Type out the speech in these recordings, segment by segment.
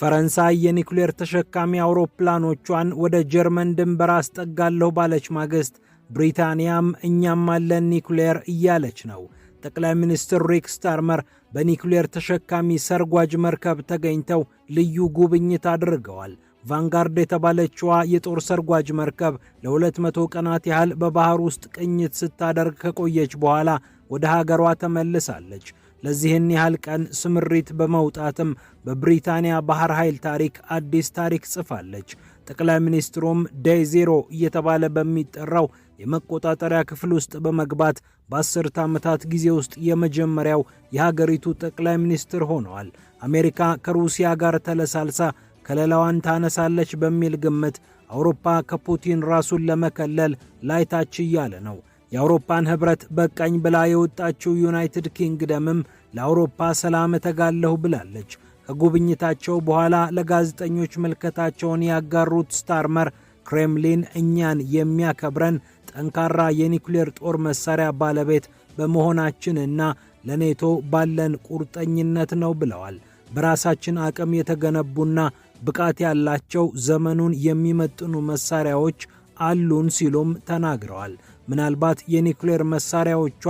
ፈረንሳይ የኒኩሌር ተሸካሚ አውሮፕላኖቿን ወደ ጀርመን ድንበር አስጠጋለሁ ባለች ማግስት ብሪታንያም እኛም አለን ኒኩሌር እያለች ነው። ጠቅላይ ሚኒስትር ሪክ ስታርመር በኒኩሌር ተሸካሚ ሰርጓጅ መርከብ ተገኝተው ልዩ ጉብኝት አድርገዋል። ቫንጋርድ የተባለችዋ የጦር ሰርጓጅ መርከብ ለ200 ቀናት ያህል በባህር ውስጥ ቅኝት ስታደርግ ከቆየች በኋላ ወደ ሀገሯ ተመልሳለች። ለዚህን ያህል ቀን ስምሪት በመውጣትም በብሪታንያ ባህር ኃይል ታሪክ አዲስ ታሪክ ጽፋለች። ጠቅላይ ሚኒስትሩም ዴይ ዜሮ እየተባለ በሚጠራው የመቆጣጠሪያ ክፍል ውስጥ በመግባት በአስርተ ዓመታት ጊዜ ውስጥ የመጀመሪያው የሀገሪቱ ጠቅላይ ሚኒስትር ሆነዋል። አሜሪካ ከሩሲያ ጋር ተለሳልሳ ከለላዋን ታነሳለች በሚል ግምት አውሮፓ ከፑቲን ራሱን ለመከለል ላይታች እያለ ነው። የአውሮፓን ኅብረት በቃኝ ብላ የወጣችው ዩናይትድ ኪንግደምም ለአውሮፓ ሰላም እተጋለሁ ብላለች። ከጉብኝታቸው በኋላ ለጋዜጠኞች ምልከታቸውን ያጋሩት ስታርመር ክሬምሊን እኛን የሚያከብረን ጠንካራ የኒውክሌር ጦር መሳሪያ ባለቤት በመሆናችንና ለኔቶ ባለን ቁርጠኝነት ነው ብለዋል። በራሳችን አቅም የተገነቡና ብቃት ያላቸው ዘመኑን የሚመጥኑ መሳሪያዎች አሉን ሲሉም ተናግረዋል። ምናልባት የኒውክሌር መሳሪያዎቿ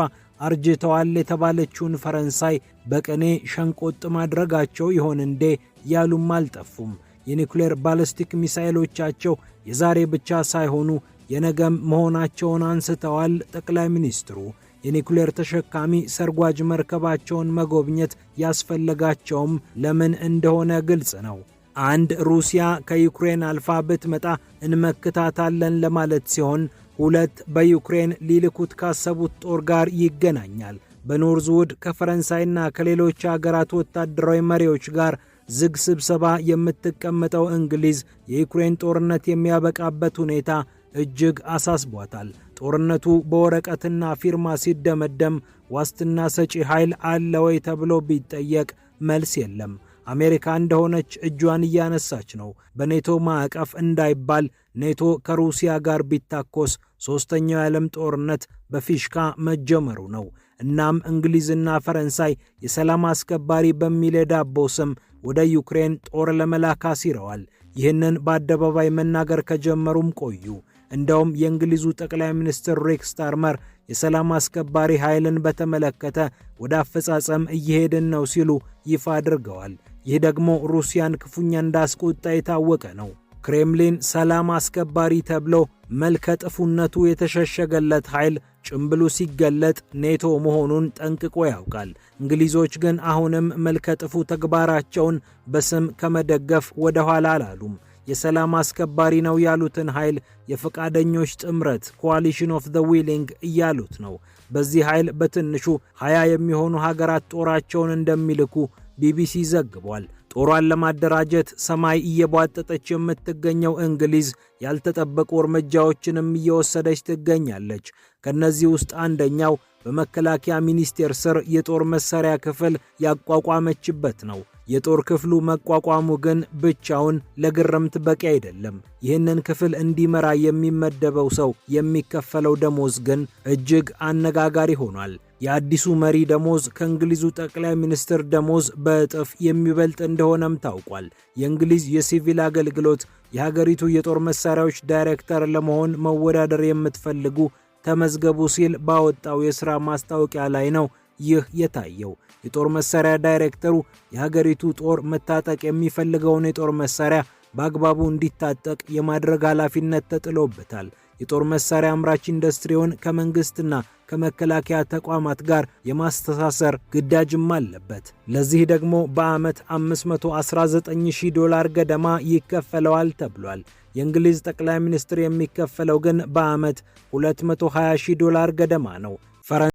አርጅተዋል የተባለችውን ፈረንሳይ በቅኔ ሸንቆጥ ማድረጋቸው ይሆን እንዴ ያሉም አልጠፉም። የኒውክሌር ባለስቲክ ሚሳይሎቻቸው የዛሬ ብቻ ሳይሆኑ የነገም መሆናቸውን አንስተዋል ጠቅላይ ሚኒስትሩ። የኒውክሌር ተሸካሚ ሰርጓጅ መርከባቸውን መጎብኘት ያስፈለጋቸውም ለምን እንደሆነ ግልጽ ነው። አንድ ሩሲያ ከዩክሬን አልፋ ብትመጣ እንመክታታለን ለማለት ሲሆን ሁለት በዩክሬን ሊልኩት ካሰቡት ጦር ጋር ይገናኛል። በኖርዝውድ ከፈረንሳይና ከሌሎች አገራት ወታደራዊ መሪዎች ጋር ዝግ ስብሰባ የምትቀመጠው እንግሊዝ የዩክሬን ጦርነት የሚያበቃበት ሁኔታ እጅግ አሳስቧታል። ጦርነቱ በወረቀትና ፊርማ ሲደመደም ዋስትና ሰጪ ኃይል አለ ወይ ተብሎ ቢጠየቅ መልስ የለም። አሜሪካ እንደሆነች እጇን እያነሳች ነው። በኔቶ ማዕቀፍ እንዳይባል ኔቶ ከሩሲያ ጋር ቢታኮስ ሦስተኛው የዓለም ጦርነት በፊሽካ መጀመሩ ነው። እናም እንግሊዝና ፈረንሳይ የሰላም አስከባሪ በሚል የዳቦ ስም ወደ ዩክሬን ጦር ለመላክ አሲረዋል። ይህንን በአደባባይ መናገር ከጀመሩም ቆዩ። እንደውም የእንግሊዙ ጠቅላይ ሚኒስትር ሬክስ ታርመር የሰላም አስከባሪ ኃይልን በተመለከተ ወደ አፈጻጸም እየሄድን ነው ሲሉ ይፋ አድርገዋል። ይህ ደግሞ ሩሲያን ክፉኛ እንዳስቆጣ የታወቀ ነው። ክሬምሊን ሰላም አስከባሪ ተብሎ መልከ ጥፉነቱ የተሸሸገለት ኃይል ጭምብሉ ሲገለጥ ኔቶ መሆኑን ጠንቅቆ ያውቃል። እንግሊዞች ግን አሁንም መልከ ጥፉ ተግባራቸውን በስም ከመደገፍ ወደ ኋላ አላሉም። የሰላም አስከባሪ ነው ያሉትን ኃይል የፈቃደኞች ጥምረት ኮዋሊሽን ኦፍ ዘ ዊሊንግ እያሉት ነው። በዚህ ኃይል በትንሹ 20 የሚሆኑ ሀገራት ጦራቸውን እንደሚልኩ ቢቢሲ ዘግቧል። ጦሯን ለማደራጀት ሰማይ እየቧጠጠች የምትገኘው እንግሊዝ ያልተጠበቁ እርምጃዎችንም እየወሰደች ትገኛለች። ከእነዚህ ውስጥ አንደኛው በመከላከያ ሚኒስቴር ስር የጦር መሳሪያ ክፍል ያቋቋመችበት ነው። የጦር ክፍሉ መቋቋሙ ግን ብቻውን ለግርምት በቂ አይደለም። ይህንን ክፍል እንዲመራ የሚመደበው ሰው የሚከፈለው ደሞዝ ግን እጅግ አነጋጋሪ ሆኗል። የአዲሱ መሪ ደሞዝ ከእንግሊዙ ጠቅላይ ሚኒስትር ደሞዝ በእጥፍ የሚበልጥ እንደሆነም ታውቋል። የእንግሊዝ የሲቪል አገልግሎት የሀገሪቱ የጦር መሳሪያዎች ዳይሬክተር ለመሆን መወዳደር የምትፈልጉ ተመዝገቡ ሲል ባወጣው የሥራ ማስታወቂያ ላይ ነው ይህ የታየው። የጦር መሳሪያ ዳይሬክተሩ የሀገሪቱ ጦር መታጠቅ የሚፈልገውን የጦር መሳሪያ በአግባቡ እንዲታጠቅ የማድረግ ኃላፊነት ተጥሎበታል። የጦር መሳሪያ አምራች ኢንዱስትሪውን ከመንግስትና ከመከላከያ ተቋማት ጋር የማስተሳሰር ግዳጅም አለበት። ለዚህ ደግሞ በዓመት 519,000 ዶላር ገደማ ይከፈለዋል ተብሏል። የእንግሊዝ ጠቅላይ ሚኒስትር የሚከፈለው ግን በዓመት 220,000 ዶላር ገደማ ነው።